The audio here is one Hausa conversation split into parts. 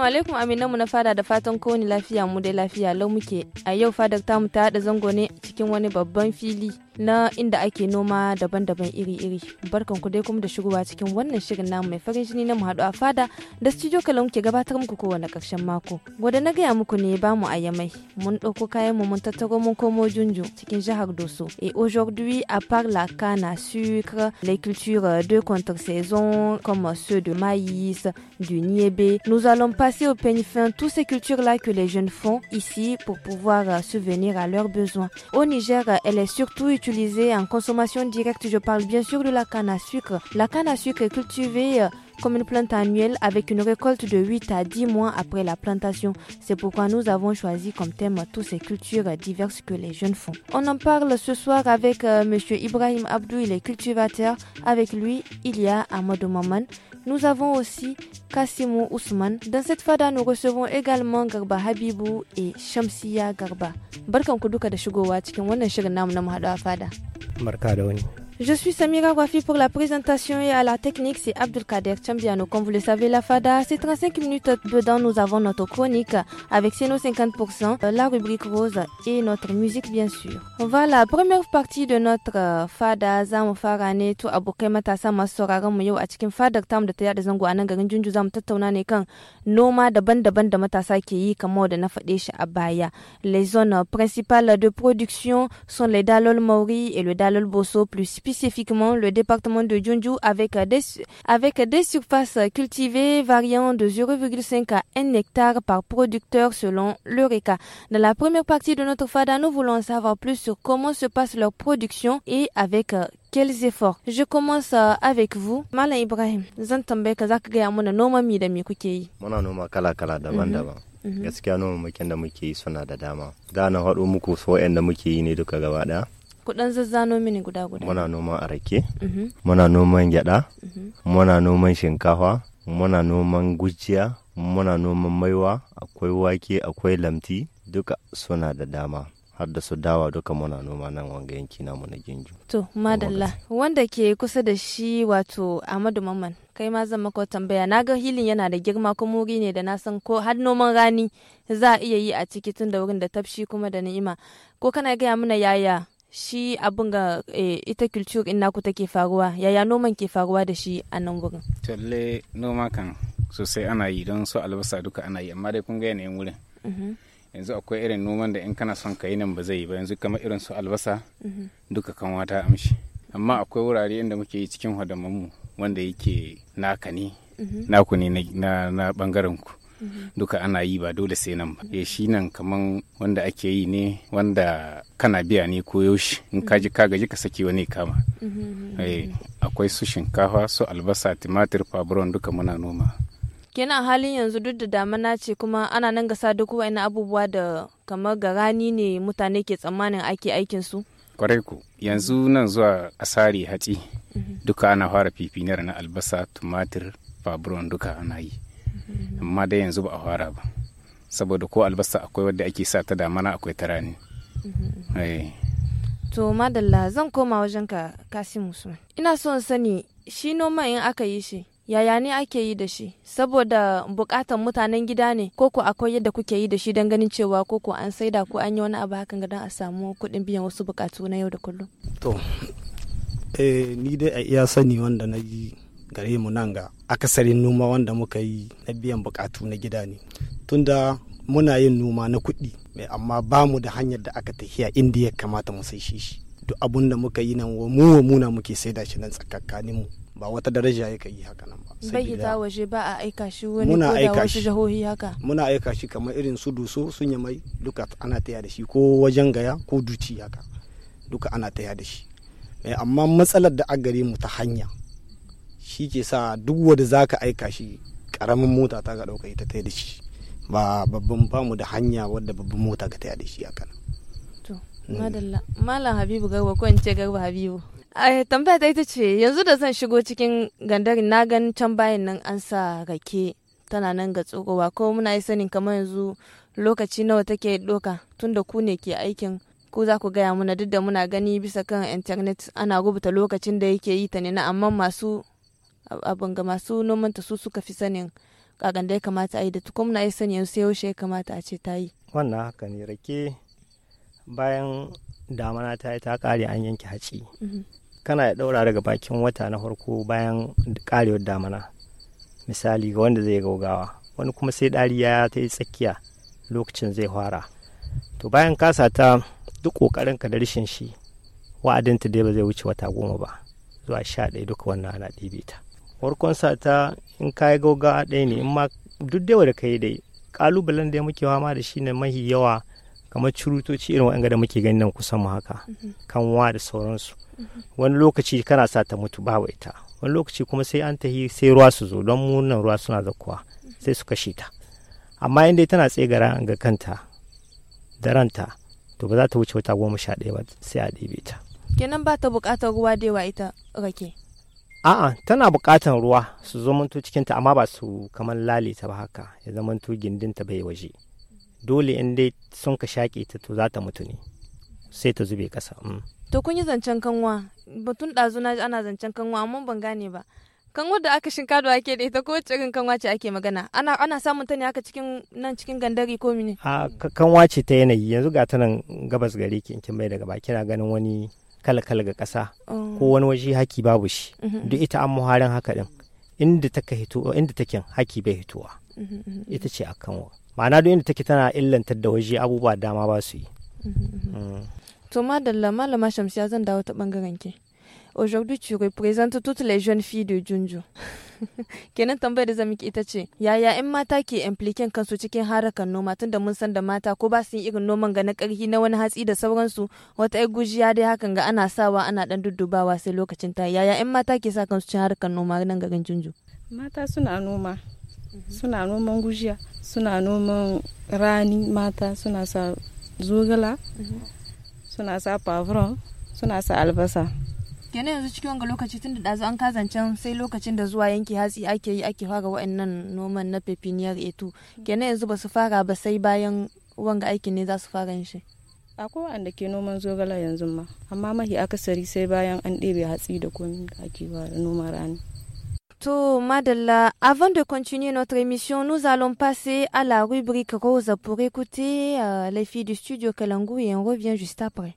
Assalamu alaikum mu na fada da fatan kowane lafiya mu dai lafiya lau muke. A yau fadar tamu ta haɗa zango ne cikin wani babban fili na inda ake noma daban-daban iri-iri barkan ku dai kuma da shigowa cikin wannan shirin namu mai farin jini na mu haɗu a fada da studio kalan ke gabatar muku kowane ƙarshen mako gwada na gaya muku ne ba mu a mun ɗauko kayan mu mun tattaro mun komo junju cikin jihar doso et aujourd'hui à part la canne à sucre les cultures de contre-saison comme ceux de maïs du niébé nous allons passer au peigne fin toutes ces cultures là que les jeunes font ici pour pouvoir subvenir à leurs besoins au Niger elle est surtout utilisée en consommation directe. Je parle bien sûr de la canne à sucre. La canne à sucre est cultivée euh, comme une plante annuelle avec une récolte de 8 à 10 mois après la plantation. C'est pourquoi nous avons choisi comme thème toutes ces cultures diverses que les jeunes font. On en parle ce soir avec M. Euh, Monsieur Ibrahim Abdou, il est cultivateur. Avec lui, il y a Amadou Maman. Nous avons aussi Kassimou Ousmane. Dans cette fada, nous recevons également Garba Habibou et Shamsiya Garba. Barkan ku duka da shigowa cikin wannan shirin de na fada. Merci da wani. Je suis Samira Wafi pour la présentation et à la technique, c'est Abdelkader Chambiano. Comme vous le savez, la FADA, c'est 35 minutes dedans. Nous avons notre chronique avec Sino 50%, euh, la rubrique rose et notre musique, bien sûr. Voilà, première partie de notre euh, FADA, Les zones principales de production sont les dalol Maori et le dalol Bosso plus spécifiquement le département de Junju avec des, surfaces cultivées variant de 0,5 à 1 hectare par producteur selon l'Eureka. Dans la première partie de notre FADA, nous voulons savoir plus sur comment se passe leur production et avec euh, quels efforts. Je commence euh, avec vous, Malin Ibrahim. kudan zazzano mini guda guda muna noman arake mhm. muna noman gyada mhm. muna noman shinkafa muna noman gujiya muna noman maiwa akwai wake akwai lamti duka suna da dama har da su dawa duka muna noma nan wanga yanki namu na ginju. To, madalla, wanda ke kusa da shi wato Ahmadu Mamman, kai ma zan maka tambaya, na ga hilin yana da girma kuma wuri ne da na san ko har noman rani za a iya yi a ciki tun da wurin da tafshi kuma da ni'ima. Ko kana gaya mana yaya shi abin ga eh, ita culture in naku take faruwa yaya noman ke faruwa da shi a nan wurin talle noma kan sosai ana yi don su albasa duka ana yi amma dai kun ga yanayin wurin mhm. yanzu akwai irin noman da in kana son ka yi nan ba zai yi ba yanzu kama irin su albasa mhm. duka kan wata amshi amma akwai wurare inda muke yi cikin mu wanda yake naka ne mhm. naku ne na bangaren ku duka ana yi ba dole sai nan ba eh, shi nan kaman wanda ake yi ne wanda kana biya ne ko yaushe in ka ji ka gaji ka saki wani kama eh, akwai su shinkafa su albasa tumatir fabron duka muna noma kenan halin yanzu duk da damana ce kuma ana nan gasa duk wa'ina abubuwa da kamar ga rani ne mutane ke tsammanin ake aikin su kwarai ku yanzu nan zuwa asari hatsi duka ana fara fifinar na albasa tumatir fabron duka ana yi amma dai yanzu ba a fara ba saboda ko albasa akwai wadda ake sa ta damana akwai ta rani mm-hmm. eh. to madalla zan koma wajen ka kasi ina son sani shi noma in aka yi shi yaya ne ake yi da shi saboda bukatan mutanen gida ne koko akwai yadda kuke yi da shi don ganin cewa koko an saida ko an yi wani abu hakan don a samu kuɗin biyan wasu bukatu na yau da kullum to eh, ni dai a iya sani wanda na yi gare mu nan ga akasarin noma wanda muka yi na biyan bukatu na gida ne tunda muna yin noma na kuɗi mai eh, amma ba mu da hanyar da aka tafiya inda ya kamata mu sai shi duk abun da muka yi nan mu wa muna muke da shi nan tsakakkanin mu ba wata daraja yake yi haka nan ba bai waje ba a aika shi wani muna aika shi jahohi haka muna aika shi kamar irin su duso sun yi mai duka ana taya da shi ko wajen gaya ko duci haka duka ana taya da shi eh, amma matsalar da a gare mu ta hanya shi ke sa duk wanda za ka aika shi karamin mota ta ga ɗauka ita ta da shi ba babban famu da hanya wadda babban mota ka ta da shi a To, mm. madalla malam habibu garba ko ce garba habibu eh, tambaya ta ita ce yanzu da zan shigo cikin gandarin na gan can bayan nan an sa rake tana nan ga tsogowa ko muna yi sanin kamar yanzu lokaci nawa take doka tunda ku ne ke aikin ku za ku gaya muna duk da muna gani bisa kan intanet ana rubuta lokacin da yake yi ta ne na amma masu abin ga masu noman ta su suka fi sanin kakan da ya kamata a yi da tukumna ya sani sai yaushe ya kamata a ce ta yi wannan haka ne rake bayan damana ta yi ta kare an yanke haci mhm. kana ya daura daga bakin wata na farko bayan karewar damana misali ga wanda zai gaugawa wani kuma sai dari ya ta yi tsakiya lokacin zai fara to bayan kasa ta duk kokarin ka da rishin shi wa'adinta dai ba zai wuce wata goma ba zuwa sha ɗaya duka wannan ana ɗibe ta farkon sata in ka yi gaugawa ɗaya ne in ma duk da da ka yi dai kalubalen da muke fama da shi ne mahi yawa kamar curutoci irin waɗanda da muke gani nan kusan mu haka mhm. kanwa da sauransu mhm. wani lokaci kana sa ta mutu ba ita wani lokaci kuma sai an tahi sai ruwa su zo don mu ruwa suna kuwa sai su kashe ta amma inda tana tsegara ga kanta da ranta to ba za ta wuce wata goma sha ɗaya ba sai a ɗebe ta kenan ba ta buƙatar ruwa da yawa ita rake a'a tana buƙatar ruwa su zamanto cikinta amma ba su kamar lale ta ba haka ya gindin gindinta bai waje dole in dai sun ka shaƙe ta to za ta mutu ne sai ta zube ƙasa mm. to kun yi zancen kanwa batun ɗazu na ana zancen kanwa amma ban gane ba kanwa da aka shinka da ake da ita ko wacce irin kanwa ce ake magana ana ana samun ta ne haka cikin nan cikin gandari ko mene a kanwa ce ta yanayi yanzu ga ta nan gabas gari ki in kin bai daga ba kina ganin wani kala ga ƙasa oh. ko wani waje haki babu shi mhm. duk ita an muharin haka din inda take hito inda take haki bai hitowa mhm, mhm, ita ce akan ma'ana duk inda take tana illantar da waje abubuwa dama ba su yi mm. to madalla malama shamsiya zan dawo ta bangaren ke Aujourd'hui, tu représentes toutes les jeunes filles de Junju. kenan tambayar da zamiki ita ce yaya 'yan mata ke impliken kansu cikin harakan noma tunda mun san da mata ko ba su yi irin noman ga na ƙarfi na wani hatsi da sauransu wata ai gujiya dai hakan ga ana sawa ana dan duddubawa sai lokacin ta yaya 'yan mata ke sa kansu cikin harakan noma nan garin Junju mata suna noma mhm. suna noman gujiya suna noman rani mata suna sa zogala mhm. suna sa pavron suna sa albasa kenan yanzu cikin wanga lokaci tun da ɗazu an kazancen sai lokacin da zuwa yanki hatsi ake yi ake fara wa'annan noman na pepiniyar etu kenan yanzu ba su fara ba sai bayan wanga aikin ne za su fara shi akwai wanda ke noman zogala yanzu ma amma mahi akasari sai bayan an ɗebe hatsi da komi da ake wa noma rani To, madalla avant de continuer notre émission, nous allons passer à la rubrique rose pour écouter euh, les filles du studio Kalangu et on revient juste après.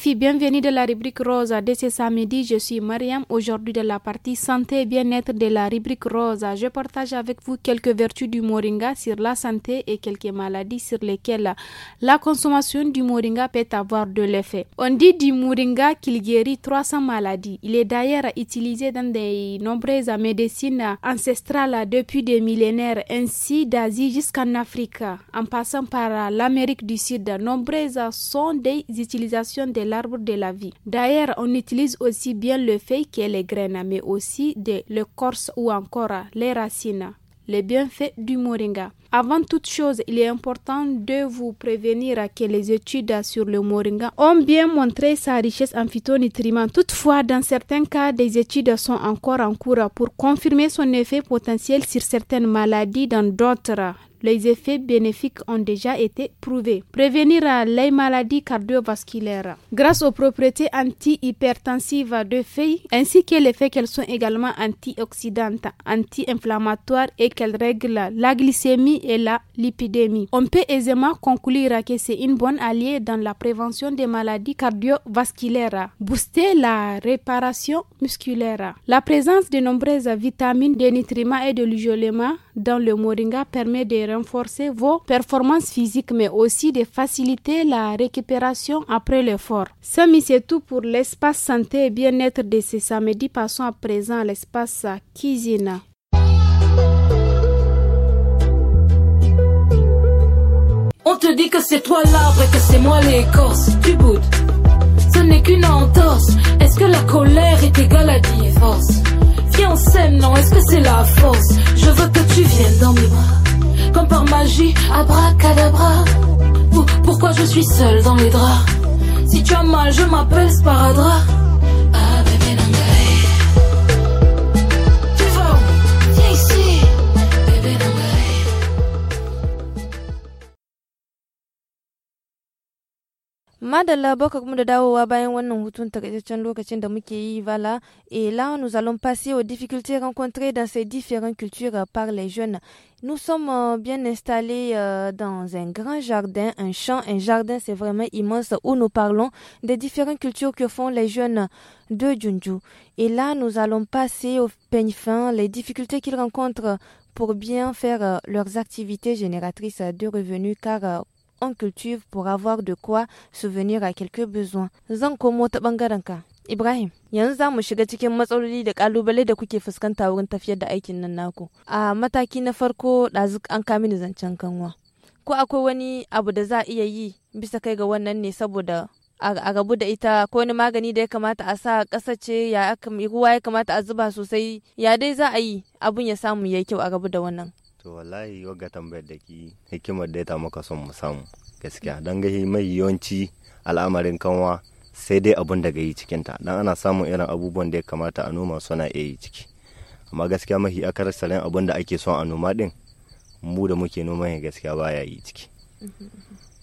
bienvenue de la rubrique rose de ce samedi. Je suis Mariam, aujourd'hui de la partie santé et bien-être de la rubrique rose. Je partage avec vous quelques vertus du moringa sur la santé et quelques maladies sur lesquelles la consommation du moringa peut avoir de l'effet. On dit du moringa qu'il guérit 300 maladies. Il est d'ailleurs utilisé dans de nombreuses médecines ancestrales depuis des millénaires, ainsi d'Asie jusqu'en Afrique, en passant par l'Amérique du Sud. Nombreuses sont des utilisations de l'arbre de la vie. D'ailleurs, on utilise aussi bien le feuille que les graines, mais aussi de l'écorce ou encore les racines les bienfaits du moringa. Avant toute chose, il est important de vous prévenir que les études sur le moringa ont bien montré sa richesse en phytonutriments. Toutefois, dans certains cas, des études sont encore en cours pour confirmer son effet potentiel sur certaines maladies. Dans d'autres, les effets bénéfiques ont déjà été prouvés. Prévenir les maladies cardiovasculaires grâce aux propriétés antihypertensives de feuilles ainsi que faits qu'elles sont également antioxydantes, anti-inflammatoires et qu'elles règlent la glycémie et la lipidémie. On peut aisément conclure que c'est une bonne alliée dans la prévention des maladies cardiovasculaires, booster la réparation musculaire. La présence de nombreuses vitamines, de nutriments et de l'isolement dans le moringa permet de renforcer vos performances physiques, mais aussi de faciliter la récupération après l'effort. Samy, c'est tout pour l'espace santé et bien-être de ce samedi. Passons à présent à l'espace cuisine. On te dit que c'est toi l'arbre et que c'est moi l'écorce. Tu boudes, ce n'est qu'une entorse. Est-ce que la colère est égale à divorce Viens on non, est-ce que c'est la force Je veux que tu viennes dans mes bras comme par magie, abracadabra. Pourquoi je suis seule dans les draps Si tu as mal, je m'appelle Sparadra. et là nous allons passer aux difficultés rencontrées dans ces différentes cultures par les jeunes. Nous sommes euh, bien installés euh, dans un grand jardin, un champ, un jardin c'est vraiment immense où nous parlons des différentes cultures que font les jeunes de Junju. Et là nous allons passer au peigne fin, les difficultés qu'ils rencontrent pour bien faire euh, leurs activités génératrices de revenus car on cultive pour avoir de quoi souvenir à quelques besoins. Zan komo ta ka Ibrahim, yanzu za mu shiga cikin matsaloli da kalubale da kuke fuskanta wurin tafiyar da aikin nan naku. A mataki na farko ɗazu an ni zancen kanwa. Ko akwai wani abu da za a iya yi bisa kai ga wannan ne saboda a rabu da ita ko wani magani da ya kamata a sa ƙasa ce ya ruwa ya kamata a zuba sosai ya dai za a yi abun ya samu ya kyau a rabu da wannan to wallahi wagga tambayar da ki hikimar da ta maka son mu samu gaskiya don gahi mai yawanci al'amarin kanwa sai dai abun da gayi cikinta dan ana samun irin abubuwan da ya kamata a noma suna iya yi ciki amma gaskiya mahi salin abun da ake son a noma din mu da muke noma ya gaskiya baya yi ciki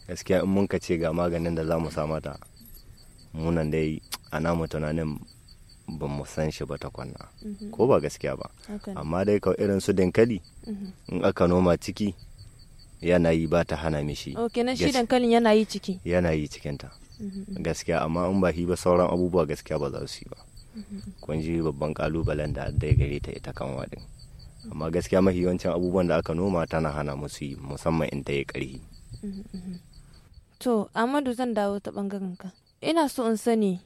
gaskiya in mun ka ce ga maganin da za mu samata ta munan dai a mu tunanin ba mu san shi ba kwanna. Mhm. ko ba gaskiya ba amma dai kawai irin su dankali mhm. in aka noma ciki yi ba ta hana mishi ok na shi dankalin yi ciki yana yi cikinta mhm, gaskiya amma in ba ba sauran abubuwa gaskiya ba za su yi ba kun ji babban kalubalen da dai gare ta ita kan wadin amma gaskiya mafi yawancin abubuwan da aka noma tana hana musu yi musamman in ta yi ƙarfi to amadu zan dawo ta bangaren ka ina so in sani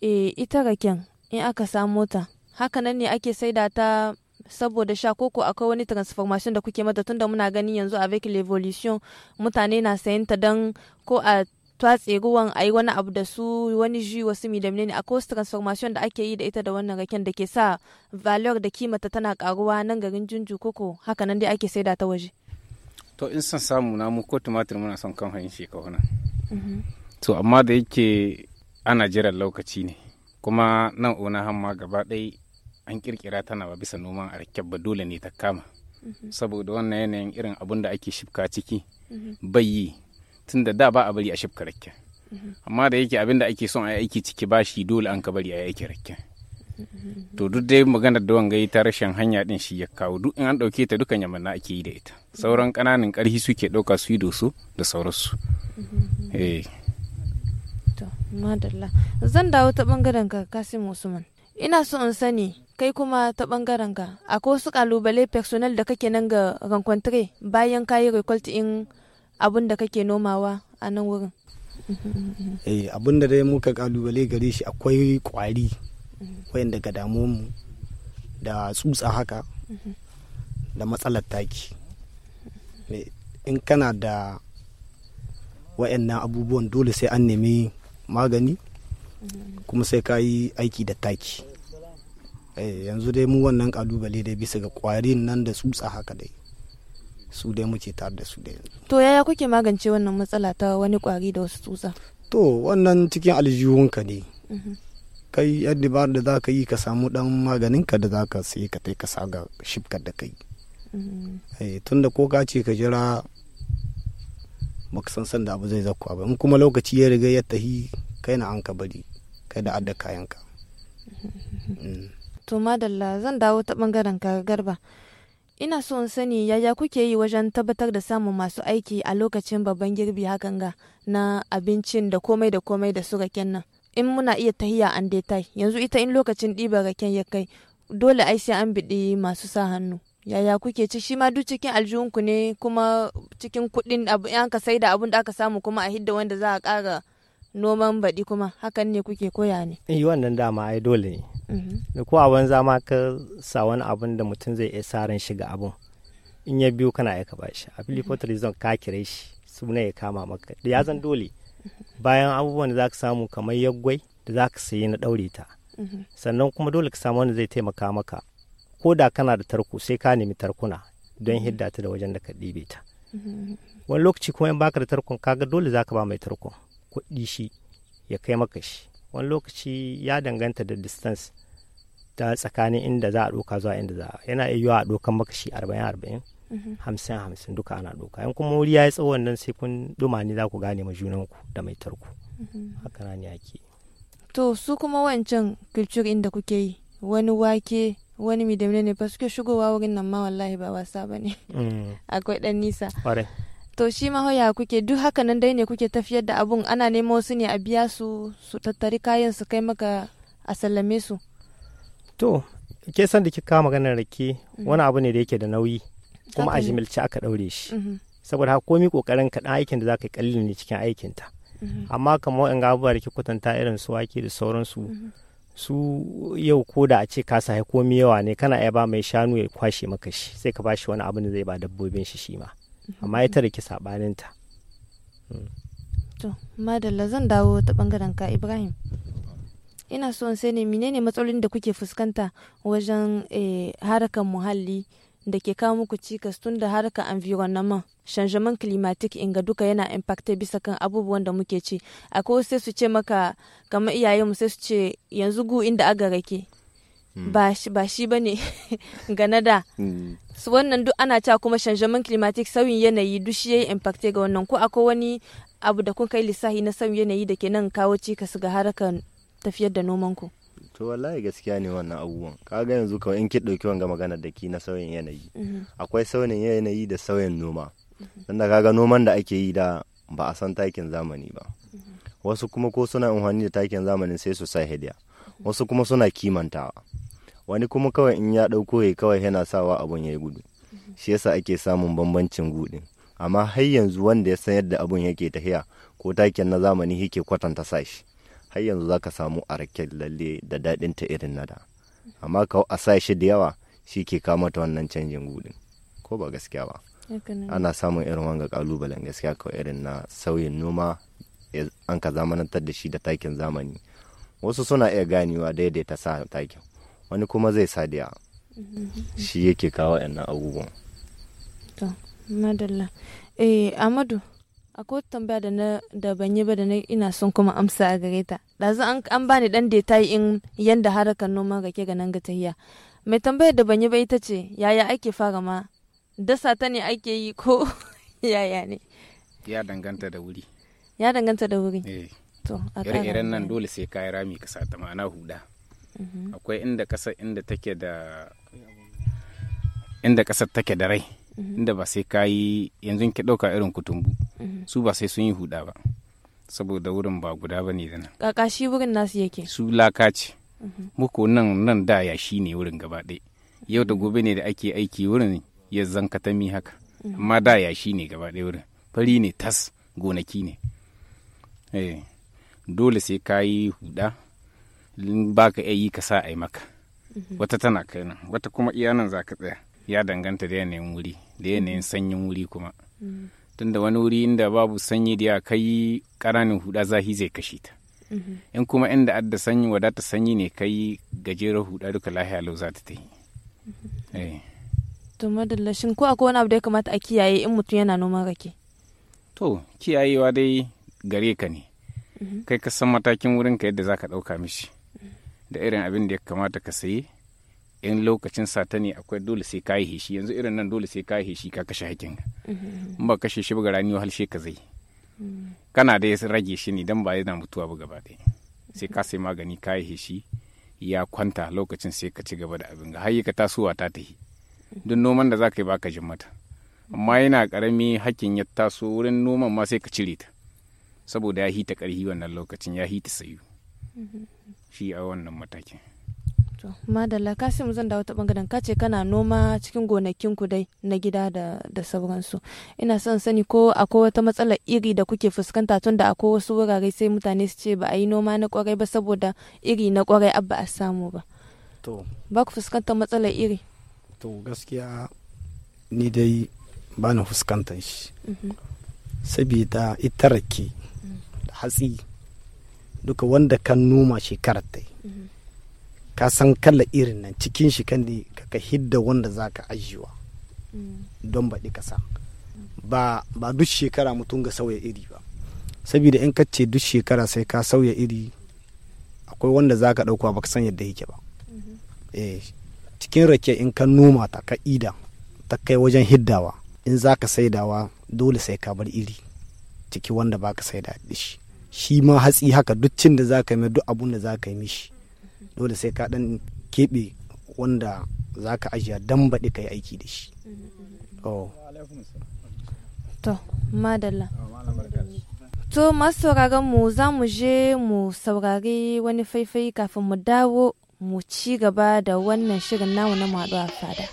e, ita raken in aka samo ta haka nan ne ake saida ta saboda sha koko akwai wani transformation da kuke mata tunda muna gani yanzu a vehicle revolution mutane na sayan ta dan ko a twatse ruwan ayi wani abu da su wani ji wasu mi da ne akwai wasu transformation da ake yi da ita da wannan raken da ke sa valor da kimata tana karuwa nan garin junju koko haka nan dai ake saida ta waje to in san samu na ko tumatir muna son kan hanyar shekaru nan mhm. to amma da yake ana jiran lokaci ne kuma nan ona hamma gaba ɗai an kirkira tana ba bisa noman a ba dole ne ta kama mhm. saboda wannan yanayin irin abun da ake shifka ciki mhm. bai yi tun da da ba a bari a shifka rakke mhm. amma da yake abin da ake son a aiki ciki ba shi dole an ka bari a aiki rakke to duk dai maganar da wanga ta rashin hanya din shi ya kawo duk in an ɗauke ta dukan na ake yi da ita sauran kananan ƙarfi suke ɗauka su yi su da sauransu eh to madalla zan dawo ta bangaren ka kasim usman ina so in sani kai kuma ta bangaren ka akwai wasu kalubale personal da kake nan ga rencontre bayan kayi recolt in abun da kake nomawa a nan wurin eh abun da dai muka kalubale gare shi akwai kwari wayanda ga damu mu da tsutsa haka da matsalar taki eh, in kana da wayannan abubuwan dole sai an nemi magani kuma sai ka yi aiki da taki eh, yanzu dai mu wannan kalubale dai bisa ga kwarin nan da tsutsa haka dai su dai muke tare da su dai to yaya kuke magance wannan matsala ta wani kwari da wasu tsutsa to wannan cikin aljihunka ne mhm. kai yadda ba da za ka yi ka samu dan maganin ka da za ka sai ka yi ka saga shifkar da kai mhm. eh, tunda ko ka ce ka jira baka san san da abu zai zakkuwa ba in kuma lokaci ya riga ya tahi kai na an ka bari kai da adda kayanka mm. to madalla zan dawo ta bangaren ka garba ina so in sani yaya kuke yi wajen tabbatar da samun masu aiki a lokacin babban girbi hakan ga na abincin da komai da komai da su raken nan in muna iya tahiya an detai yanzu ita in lokacin ɗiba raken ya kai dole ai sai an biɗi masu sa hannu yaya kuke ci shi ma duk cikin aljihunku ne kuma cikin kuɗin abu yan ka sai da abun da aka samu kuma a hidda wanda za a ƙara noman baɗi kuma hakan ne kuke koya ne eh wannan dama ai dole ne mm-hmm. da ko a banza ka sa wani abun da mutum zai iya ran shiga abun in ya biyu kana aika ba shi a filipotri mm-hmm. zon ka kire shi suna ya kama maka da ya zan mm-hmm. dole bayan abubuwan da za ka samu kamar yaggwai da za ka sayi na ɗaure ta sannan kuma dole ka samu wanda zai taimaka maka ko da kana da tarko sai ka nemi tarkuna don hidda ta da wajen da ka ɗibe ta wani lokaci kuma in baka da tarkon ga dole zaka ba mai tarkon kuɗi shi ya kai maka shi wani lokaci ya danganta da distance ta tsakanin inda za a ɗoka zuwa inda za a yana iya a ɗokan maka shi arba'in arba'in hamsin hamsin duka ana ɗoka in kuma wuri ya yi tsawon nan sai kun dumani za ku gane ma junanku da mai tarko haka na ni ake to su kuma wancan culture inda kuke yi wani wake wani mi damne ne paske shigowa wurin nan ma wallahi ba wasa ba ne mm. akwai dan nisa to shi ma hoya kuke duk haka nan dai ne kuke tafiyar da abun ana nemo su ne a biya su su tattari kayan su kai maka a sallame su to ke san da kika kama ganin rake mm-hmm. wani abu ne da yake da nauyi kuma a jimilci aka daure shi mm-hmm. saboda haka komi kokarin ka dan aikin da zaka kallin ne cikin ta mm-hmm. amma kamar in ga abubuwa da ke kwatanta irin su wake da sauransu su yau ko da a ce ka sahi komi yawa ne kana iya ba mai shanu ya kwashe maka shi sai ka ba shi wani abin da zai ba dabbobin shi shi ma mhm. amma ya da ki sabanin ta mm. to madalla zan dawo ta bangaren ka Ibrahim ina so sai ne menene matsalolin da kuke fuskanta wajen eh, harakan muhalli da ke kawo muku cikas tun da harkar environnement changement climatique inga duka yana impacte bisa kan abubuwan da muke ci akwai sai su ce maka kamar iyaye mu sai su ce yanzu gu inda aga rake hmm. ba shi ba ne ga na da hmm. su wannan duk ana cewa kuma changement climatique sauyin yanayi duk shi yayi impacte ga wannan ko akwai wani abu da kun kai lissafi na sauyin yanayi da ke nan kawo cikas ga harkar tafiyar da noman ku to wallahi gaskiya ne wannan abubuwan kaga yanzu kawai in ki ɗauki wanga magana da ki na sauyin yanayi mhm. akwai sauyin yanayi da sauyin noma dan mhm. da kaga noman da ake yi da ba a san takin zamani ba mhm. wasu kuma ko suna amfani da takin zamani sai su sa hediya wasu kuma suna kimantawa wani kuma kawai in ya dauko ya kawai yana sawa abun yayi gudu shi yasa ake samun bambancin gudu amma har yanzu wanda ya san yadda abun yake tahiya ko takin na zamani yake kwatanta sashi har yanzu za ka samu rake lalle da daɗin ta irin na da amma ka a sa shi da yawa shi ke kama ta wannan canjin gudun ko ba gaskiya ba ana samun irin wanga kalubalen gaskiya ko irin na sauyin noma an ka zamanantar da shi da takin zamani wasu suna iya ganewa daidaita sa takin wani kuma zai sadiya mm-hmm. shi yake kawo yan abubuwan madalla eh amadu akwai tambaya da na da ban yi ba da na ina son kuma amsa a gare ta ɗazu an an bani dan yi in yanda harakan noma ga ke ganan ga tahiya mai tambayar da ban yi ba ita ce yaya ake fara ma dasa ta ne ake yi ko yaya ne ya danganta da wuri ya danganta da wuri eh to a nan dole sai ka rami ka sata ma'ana huda mhm. akwai inda kasa inda take da inda kasar take da rai mhm. inda ba sai ka yi yanzu ki ɗauka irin kutumbu Mhm. su ba sai sun yi huda ba saboda wurin ba guda ba ne da nan kaka shi wurin nasu yake su laka ce mhm. muku nan nan da ya shi ne wurin gaba yau da gobe ne da ake aiki wurin ya zanka ta mi haka mhm. amma da ya shi ne gaba ɗaya wurin fari ne tas gonaki ne eh, dole sai ka yi huda ba ka yi ka sa a maka wata tana kai nan wata kuma iya nan za ka tsaya ya danganta da yanayin wuri da yanayin sanyin wuri kuma tunda wani wuri inda babu sanyi da ya kai ƙaranin huda zahi zai kashe ta mhm. in kuma inda adda sanyi wadata sanyi ne kai gajeren huda duka lahiya lau za ta yi mhm. eh. to madalla shin ko akwai wani abu da ya kamata a kiyaye in mutum yana noman rake to kiyayewa dai gare ka ne mhm. kai ka san matakin wurin ka yadda za ka ɗauka mishi da irin abin da ya kamata ka sayi in lokacin sata ne akwai dole sai ka yi heshi yanzu irin nan dole sai ka yi heshi ka kashe hakin mhm. in ba kashe shi ba rani wahal ka zai mm. kana da ya rage shi ne dan ba yana mutuwa ba gaba ɗaya sai ka sai magani ka yi heshi ya kwanta lokacin sai ka ci gaba da abin ga har ka tasowa ta tahi duk noman da za ka yi ba ka jin mata amma yana karami hakin ya taso wurin noman ma sai ka cire ta saboda ya hita karhi wannan lokacin ya hita sayu mhm. shi a wannan matakin madalla kasim zan dawo ta bangaren kace kana noma cikin gonakin ku dai na gida da, da sauransu ina son sani ko akwai wata matsalar iri da kuke fuskanta tun da akwai wasu wurare sai mutane su ce ba a yi noma na kwarai ba saboda iri na kwarai abba a samu ba to ba ku fuskantar matsalar iri to gaskiya ni dai ba na fuskantar shi mhm. saboda ita rake mhm. hatsi duka wanda kan noma shekarar ta ka san kala irin nan cikin shi kan ne ka hidda wanda za ka ajiyewa mm. don baɗi kasa ba ba duk shekara mutum ga sauya iri ba saboda in ka ce duk shekara sai ka sauya iri akwai wanda za ka ɗauka ba ka san yadda yake ba mm-hmm. eh, cikin rake in ka noma ta ka ida ta kai wajen hiddawa in za ka saidawa dole sai ka bar iri ciki wanda ba ka saida shi shi ma hatsi haka duk cin da za ka yi duk abun da za ka yi mishi dole sai ka dan keɓe wanda za ka ajiya dan baɗi ka yi aiki da shi mm-hmm. oh. to madalla oh, to masu sauraron mu za mu je mu saurari wani faifai kafin mu dawo mu ci gaba da wannan shirin namu na maɗuwa a fada.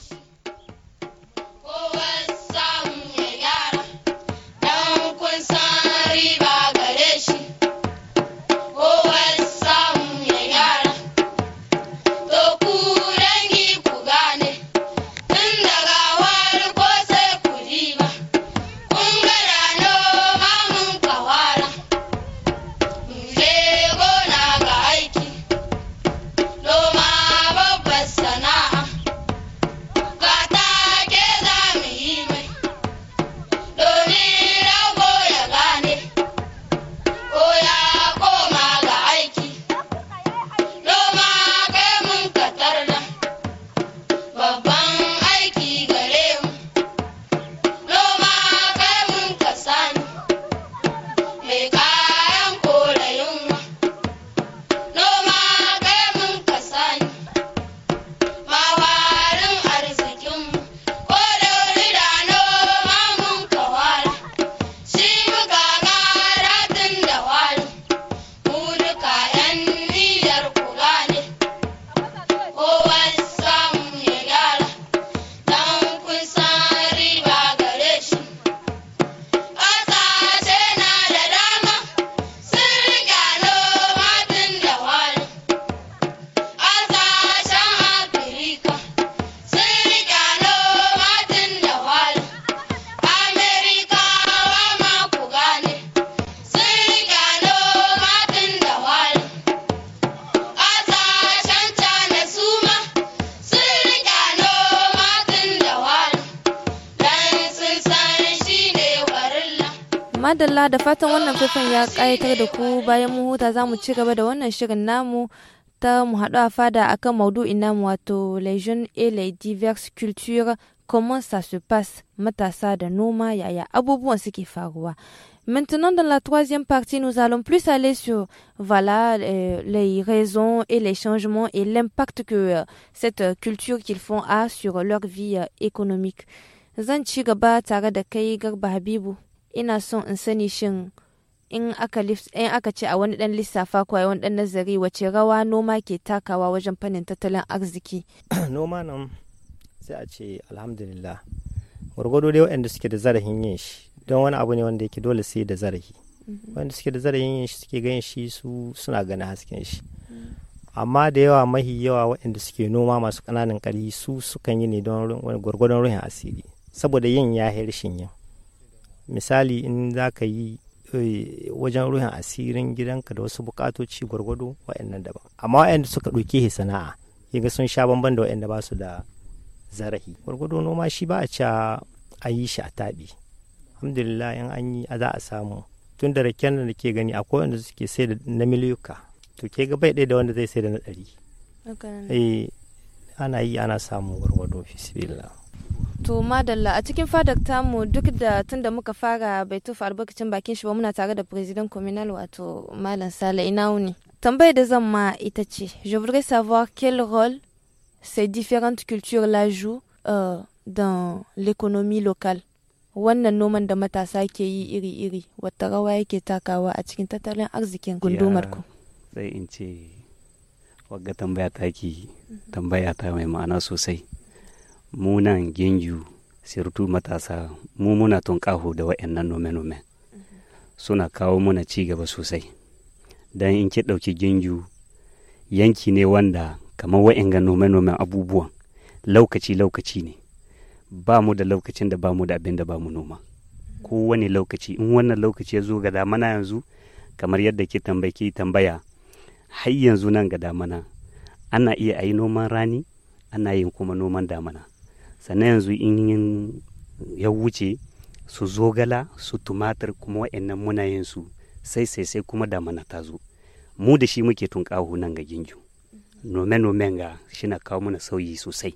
da fatan wannan faifan ya kayatar da ku bayan mu huta za mu ci gaba da wannan shirin namu ta mu haɗu a fada akan maudu'in namu wato les jeunes et les diverses cultures comment ça se passe matasa da noma yaya abubuwan suke faruwa Maintenant, dans la troisième partie, nous allons plus aller sur voilà euh, les raisons et les changements et l'impact que euh, cette euh, culture qu'ils font a sur leur vie euh, économique. Zan ci gaba tare da kai Garba Habibu. ina son in sani shin in aka ce a wani dan lissafa ko wani dan nazari wace rawa noma ke takawa wajen fannin tattalin arziki noma nan sai a ce alhamdulillah gwargwado dai waɗanda suke da zarafin yin shi don wani abu ne wanda yake dole sai da zarafi mhm. wanda suke da zarafin yin shi suke ganin shi su suna ganin hasken shi mhm. amma da yawa mahi yawa waɗanda suke noma masu kananan kari su sukan yi ne don gwargwadon ruhin asiri saboda yin ya hirshin yin misali in za ka yi eh, wajen ruhin asirin gidanka da wasu bukatoci gwargwado nan daban amma wa'anda suka ɗauke sana'a yaga sun sha bamban da wa'anda ba su da zarahi gwargwado noma shi ba a ci a yi shi a taɓi alhamdulillah in an yi za a samu tun da raken da ke gani akwai wanda suke sai da na miliyuka to ke ga bai da wanda zai sai da na ɗari eh, ana yi ana samun gwargwado fi To madalla a cikin fadar tamu duk da tun da muka fara bai tufa albarkacin bakin shi ba muna tare da president communal wato Malam Sale ina wuni. Tambayar da zan ma ita ce, je voudrais savoir quel rôle ces différentes cultures la jouent euh, dans l'économie locale. Wannan noman da matasa ke yi iri-iri, wata rawa yake takawa a cikin tattalin arzikin gundumar ku. Sai in ce, wagga tambaya ta ki tambaya ta mai ma'ana sosai. munan ginyu sirtu matasa mu muna tun kaho da wa'annan nome-nome suna kawo muna ci gaba sosai don in ki ɗauki ginyu yanki ne wanda kamar wa'anga nome nome abubuwan lokaci-lokaci ne ba mu da lokacin da ba mu da abin da ba mu noma kowane lokaci in wannan lokaci ya zo ga damana yanzu kamar yadda ke tambaki tambaya har yanzu nan ga damana ana iya a yi noman rani ana yin kuma noman damana sannan yanzu in ya wuce su zogala su tumatir kuma wa'annan muna yin su sai sai sai kuma damana ta zo mu da shi muke kawo nan ga ginju nome-nomen ga shi na kawo mana sauyi sosai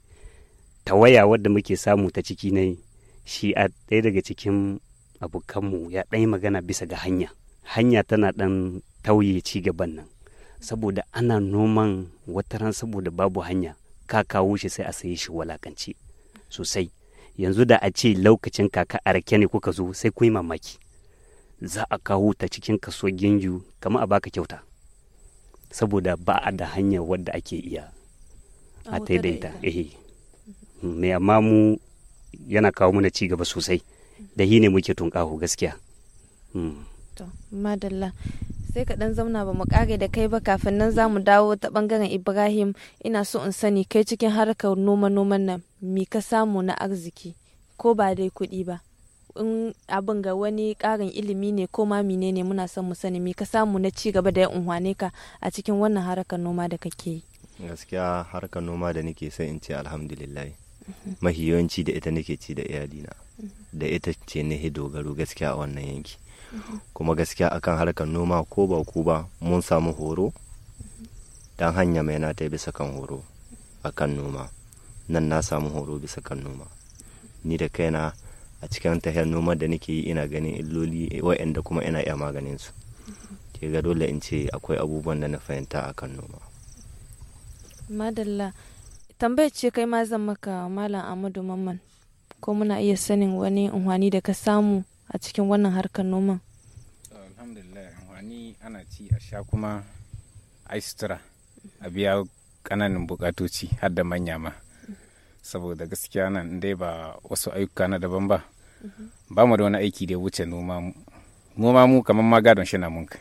tawaya wadda muke samu ta ciki ne shi a ɗaya daga cikin abokanmu ya ɗan magana bisa ga hanya hanya tana ɗan tauye ci gaban nan saboda ana noman wataran saboda babu hanya ka kawo shi sai a sayi shi walakance sosai yanzu da a ce lokacin kaka a rake ne kuka zo sai kuyi yi mamaki za a kawo ta cikin kaso ginju kamar a baka kyauta saboda ba a da hanyar wadda ake iya a taidaita ehe mai amma mu yana kawo mana ci gaba sosai da hi ne muke tunƙaho gaskiya hmm. sai ka dan zauna ba mu kare da kai ba kafin nan za mu dawo ta bangaren ibrahim ina so in sani kai cikin harkar noma noman nan mi ka samu na arziki ko ba dai kuɗi ba in abin ga wani ƙarin ilimi ne ko ma mine ne muna son mu sani mi ka samu na ci gaba da ya unhwane ka a cikin wannan harkar noma da kake yi gaskiya harkar noma da nake son in ce alhamdulillah mahiyanci da ita nake ci da iyalina da ita ce na dogaro gaskiya a wannan yanki kuma gaskiya akan harkar noma ko ba ku ba mun samu horo dan hanya mai na ta bisa kan horo akan noma nan na samu horo bisa kan noma ni da kaina a cikin ta hanyar noma da nake yi ina ganin illoli wa'anda kuma ina iya maganin su ke ga dole in ce akwai abubuwan da na fahimta akan noma madalla tambayar ce kai ma zan maka malam amadu mamman ko muna iya sanin wani unhwani da ka samu a cikin wannan harkar noman alhamdulillah wani ana ci a sha kuma aistura a biya kananan bukatoci har da manya ma saboda gaskiya nan dai ba wasu ayyuka na daban ba ba mu da wani aiki da ya wuce noma noma mu kamar ma gadon shi na munka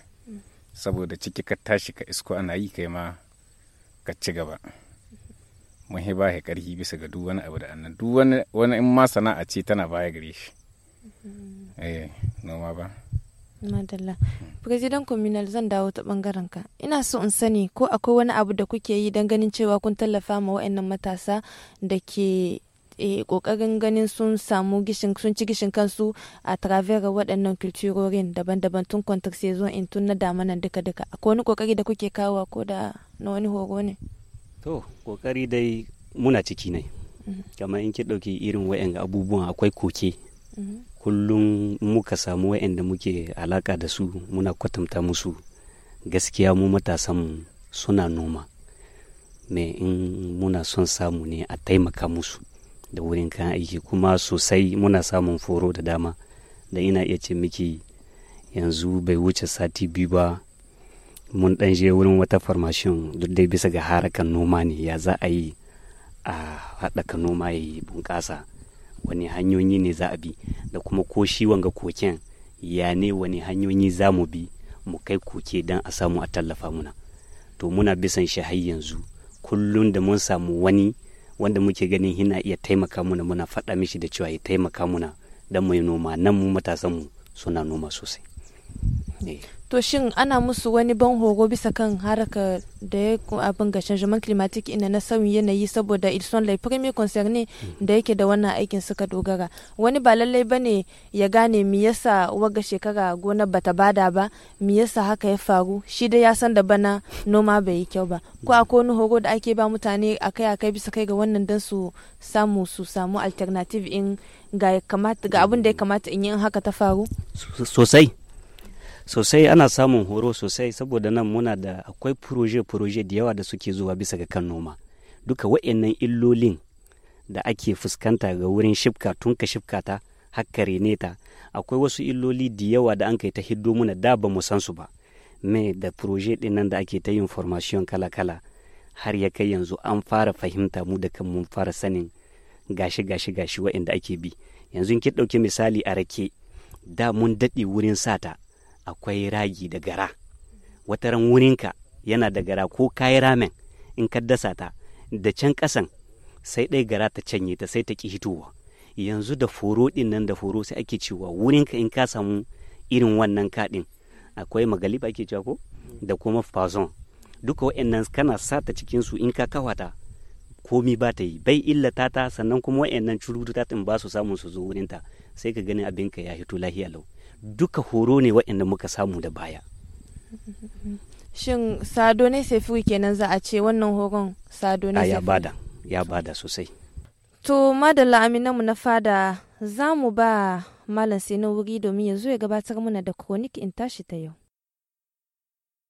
saboda ciki ka tashi ka isko ana yi kai ma ka ci gaba mun ba shi karhi bisa ga duk wani abu da annan duk wani in ma sana'a ce tana baya gare shi eh ma ba madalla president communal zan dawo ta bangaren ka ina so in sani ko akwai wani abu da kuke yi don ganin cewa kun tallafa ma wa'annan matasa da ke kokarin eh, ganin sun samu gishin sun ci gishin kansu a travera waɗannan kulturorin daban-daban tun kwantar sezon in tun na damanan duka-duka akwai wani kokari da kuke kawo ko da na wani horo ne to kokari dai muna ciki ne mhm. kamar in ki ɗauki irin wa'yan abubuwan akwai koke mhm. kullum muka samu waɗanda muke alaka da su muna kwatanta musu gaskiya mu matasan suna noma mai in muna son samu ne a taimaka musu da wurin kan aiki kuma sosai muna samun foro da dama da ina iya ce miki yanzu bai wuce sati biyu ba mun dan je wurin wata farmashin duk dai bisa ga harakan noma ne ya za a yi a haɗaka noma ya yi bunƙasa wani hanyoyi ne za a bi da kuma ko shi wanga koken ya ne wani hanyoyi za mu bi mu kai koke don a samu a tallafa muna to muna bisan shi har yanzu kullum da mun samu wani wanda muke ganin hina iya taimaka muna muna faɗa mishi da cewa ya taimaka muna don mai noma nan mu matasanmu suna noma sosai eh. to shin ana musu wani ban horo bisa kan haraka da ya abin ga changement climatique ina na sauyin yanayi saboda ils sont les premiers concernés mm. da yake da wannan aikin suka dogara wani ba lallai bane ya gane me yasa waga shekara gona bata bada ba me yasa haka ya faru shi dai ya san da bana noma bai yi kyau ba ko mm. akwai wani horo da ake ba mutane akai akai bisa kai ga wannan dan su samu su samu alternative in ga kamata ga abin da ya kamata in yi haka ta faru sosai sosai ana samun horo sosai saboda nan muna da akwai proje-proje da yawa da suke zuwa bisa ga kan noma duka wa'annan illolin da ake fuskanta ga wurin shifka tun ka shifka ta hakka rene ta akwai wasu illoli da yawa da an kai ta hiddo muna da ba mu san su ba me da proje din nan da ake ta yin formation kala-kala har ya kai yanzu an fara fahimta mu da kan mun fara sanin gashi gashi gashi wa'anda ake bi yanzu in ki ɗauki misali a rake da mun daɗe wurin sata akwai ragi da gara wata ran wurinka yana da gara ko kayi ramen in ka dasa ta da can kasan sai ɗai gara ta canye ta sai ta ƙi hitowa yanzu da foro ɗin nan da foro sai ake cewa wurinka in ka samu irin wannan kaɗin akwai magalib ake cewa ko da kuma fazon duka wa'annan kana sata cikinsu in ka ta komi ba ta yi bai illata ta sannan kuma wa'annan curututa ta in ba su samun su zo wurinta sai ka ganin abinka ya hito lahiya lau duka horo ne waɗanda muka samu da baya shin sado ne sefi kenan za a ce wannan horon sado ne ya bada ya bada sosai to madalla mu na fada za mu ba malam sinu wuri domin ya ya gabatar mana da chronique in tashi ta yau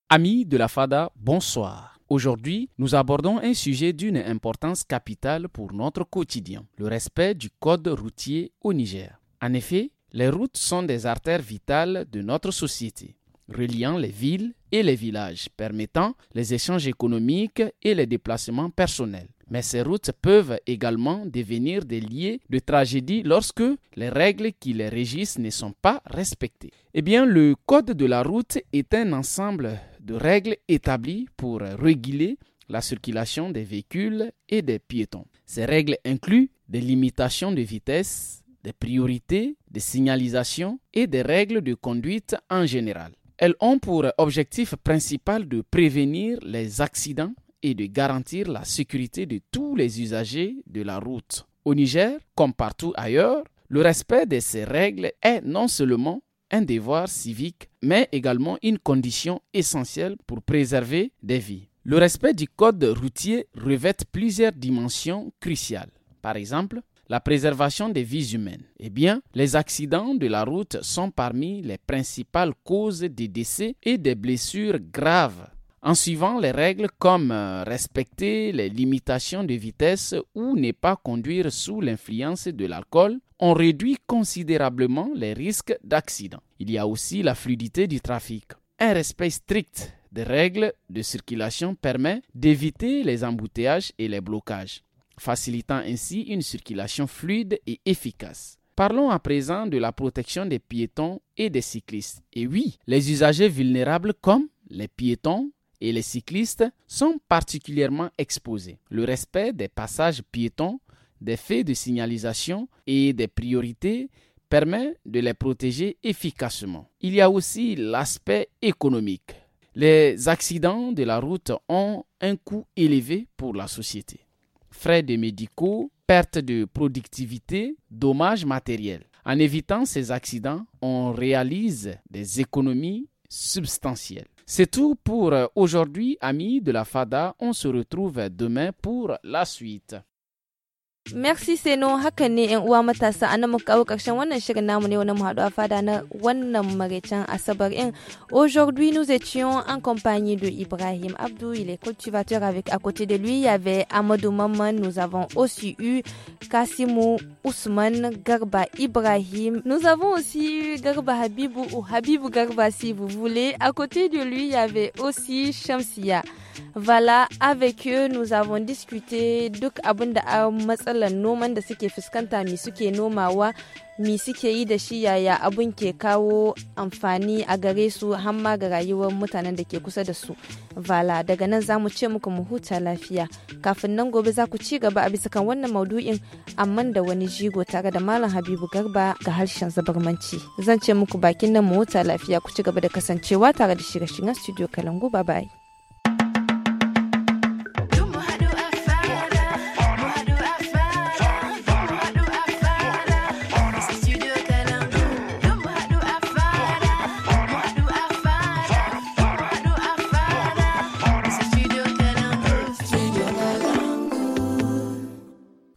amis de la fada bonsoir Aujourd'hui, nous abordons un sujet d'une importance capitale pour notre quotidien, le respect du code routier au Niger. En effet, les routes sont des artères vitales de notre société, reliant les villes et les villages, permettant les échanges économiques et les déplacements personnels. Mais ces routes peuvent également devenir des liés de tragédie lorsque les règles qui les régissent ne sont pas respectées. Eh bien, le code de la route est un ensemble de règles établies pour réguler la circulation des véhicules et des piétons. Ces règles incluent des limitations de vitesse, des priorités, des signalisations et des règles de conduite en général. Elles ont pour objectif principal de prévenir les accidents et de garantir la sécurité de tous les usagers de la route. Au Niger, comme partout ailleurs, le respect de ces règles est non seulement un devoir civique, mais également une condition essentielle pour préserver des vies. Le respect du code routier revêt plusieurs dimensions cruciales. Par exemple, la préservation des vies humaines. Eh bien, les accidents de la route sont parmi les principales causes des décès et des blessures graves. En suivant les règles comme euh, respecter les limitations de vitesse ou ne pas conduire sous l'influence de l'alcool, on réduit considérablement les risques d'accident. Il y a aussi la fluidité du trafic. Un respect strict des règles de circulation permet d'éviter les embouteillages et les blocages facilitant ainsi une circulation fluide et efficace. Parlons à présent de la protection des piétons et des cyclistes. Et oui, les usagers vulnérables comme les piétons et les cyclistes sont particulièrement exposés. Le respect des passages piétons, des faits de signalisation et des priorités permet de les protéger efficacement. Il y a aussi l'aspect économique. Les accidents de la route ont un coût élevé pour la société frais de médicaux, perte de productivité, dommages matériels. En évitant ces accidents, on réalise des économies substantielles. C'est tout pour euh, aujourd'hui, amis de la FADA. On se retrouve demain pour la suite. Merci Seno haka uwa aujourd'hui nous étions en compagnie de Ibrahim Abdou il est cultivateur avec à côté de lui il y avait Amadou Maman nous avons aussi eu Kasimou Ousmane Garba Ibrahim nous avons aussi eu Garba Habibou ou Habibou Garba si vous voulez à côté de lui il y avait aussi Shamsia vala avec eux, nous avons discuté duk abin da a matsalar noman da suke fuskanta mi suke nomawa, mi suke yi da shi yaya abin ke kawo amfani a gare su hamma ga rayuwar mutanen da ke kusa da su. Vala, daga nan za mu ce muku mu huta lafiya. Kafin nan gobe za ku ci gaba a bisa kan wannan maudu'in amman da wani jigo tare da Malam Habibu Garba ga harshen zabarmanci. Zan ce muku bakin nan mu huta lafiya ku ci gaba da kasancewa tare da shirye-shiryen studio Kalangu. Bye bye.